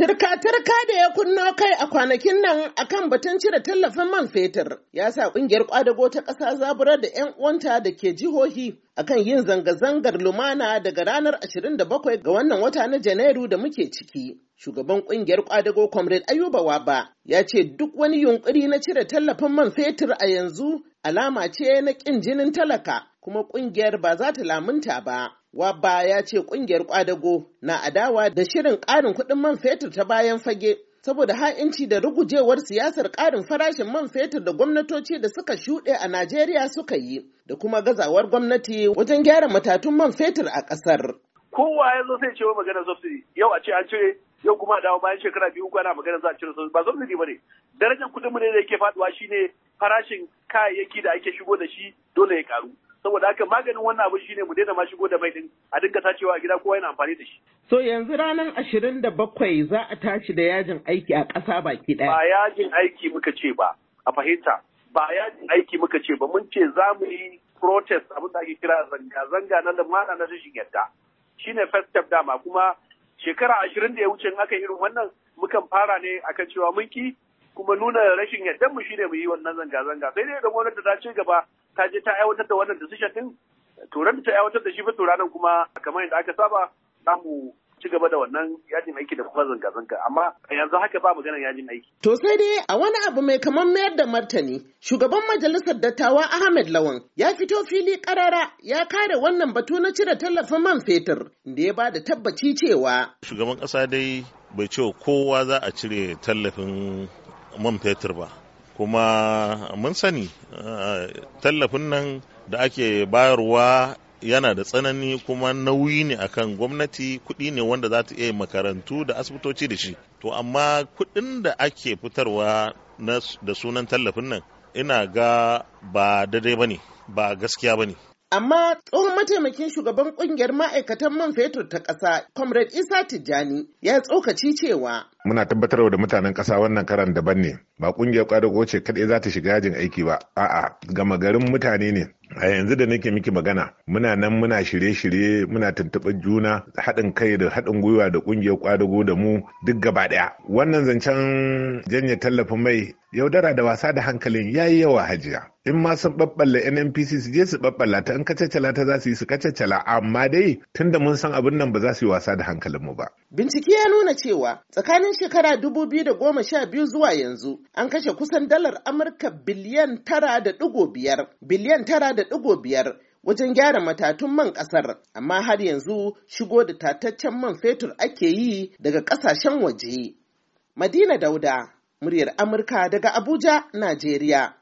Turka-turka da ya kunno kai a kwanakin nan akan batun cire tallafin man fetur ya sa ƙungiyar kwadago ta ƙasa zaburar da 'yan uwanta da ke jihohi akan yin zanga-zangar lumana daga ranar 27 ga wannan wata na Janairu da muke ciki. Shugaban ƙungiyar kwadago Comrade Ayuba Waba ya ce duk wani yunƙuri na cire tallafin man fetur a yanzu alama ce na ƙin jinin talaka kuma ƙungiyar ba za ta lamunta ba. Wabba ya ce ƙungiyar ƙwadago na adawa da shirin ƙarin kuɗin man fetur ta bayan fage. Saboda ha'inci da rugujewar siyasar ƙarin farashin man fetur da gwamnatoci da suka shuɗe a Najeriya suka yi, da kuma gazawar gwamnati wajen gyara matatun man fetur a ƙasar. kowa ya zo sai ce wa magana subsidy yau a ce an cire yau kuma dawo bayan shekara biyu uku ana magana za a cire sosai. ba subsidy ba ne darajar kudin mu ne da yake faduwa shine farashin kayayyaki da ake shigo da shi dole ya karu saboda haka maganin wannan abu shine mu daina ma shigo da mai din a dinka tacewa a gida kowa yana amfani da shi so yanzu ranar ashirin da bakwai za a tashi da yajin aiki a ƙasa baki ɗaya ba yajin aiki muka ce ba a fahimta ba yajin aiki muka ce ba mun ce za mu yi protest abin da ake kira zanga-zanga na lumana na rashin yadda shine first step dama kuma shekara ashirin da ya wuce in aka irin wannan mukan fara ne akan cewa mun ki kuma nuna rashin yardan mu shine mu yi wannan zanga-zanga sai dai idan gwamnati ta ce gaba ta je ta aiwatar da wannan decision din turan ta aiwatar da shi ba turanan kuma kamar yadda aka saba za mu ci gaba da wannan yajin aiki da kuma zanga-zanga amma yanzu haka ba maganar yajin aiki. To sai dai a wani abu mai kamar mayar da martani shugaban majalisar dattawa Ahmed Lawan ya fito fili karara ya kare wannan batu na cire tallafin man fetur da ya ba da tabbaci cewa. Shugaban ƙasa dai bai ce kowa za a cire tallafin man fetur ba. kuma mun sani eh, tallafin nan da ake bayarwa yana da tsanani kuma nauyi ne akan gwamnati kuɗi ne wanda za ta iya makarantu da asibitoci da shi to amma kuɗin da ake fitarwa da sunan tallafin nan ina ga ba daidai ba ne ba gaskiya ba ne amma tsohon mataimakin shugaban kungiyar ma'aikatan man fetur ta ƙasa comrade isa tijjani ya tsokaci cewa muna tabbatar da mutanen ƙasa wannan karan daban ne ba kungiyar kwadago ce kadai za ta shiga yajin aiki ba a'a gama garin mutane ne a yanzu da nake miki magana muna nan muna shirye-shirye muna tuntuɓar juna haɗin kai da haɗin gwiwa da ƙungiyar ƙwadago da mu duk gaba ɗaya wannan zancen janye tallafin mai yaudara da wasa da hankalin yayi yawa hajiya in ma sun ɓaɓɓalla nnpc su je su ɓaɓɓalla ta in kacaccala ta za su yi su kacaccala amma dai tunda mun san abin nan ba za su yi wasa da hankalinmu ba. bincike ya nuna cewa tsakanin shekara dubu biyu da goma sha biyu zuwa yanzu an kashe kusan dalar amurka biliyan tara da ɗigo biyar biliyan tara da ɗigo biyar wajen gyara matatun man ƙasar, amma har yanzu shigo da tataccen man fetur ake yi daga ƙasashen waje. Madina Dauda, muryar Amurka daga Abuja, Najeriya.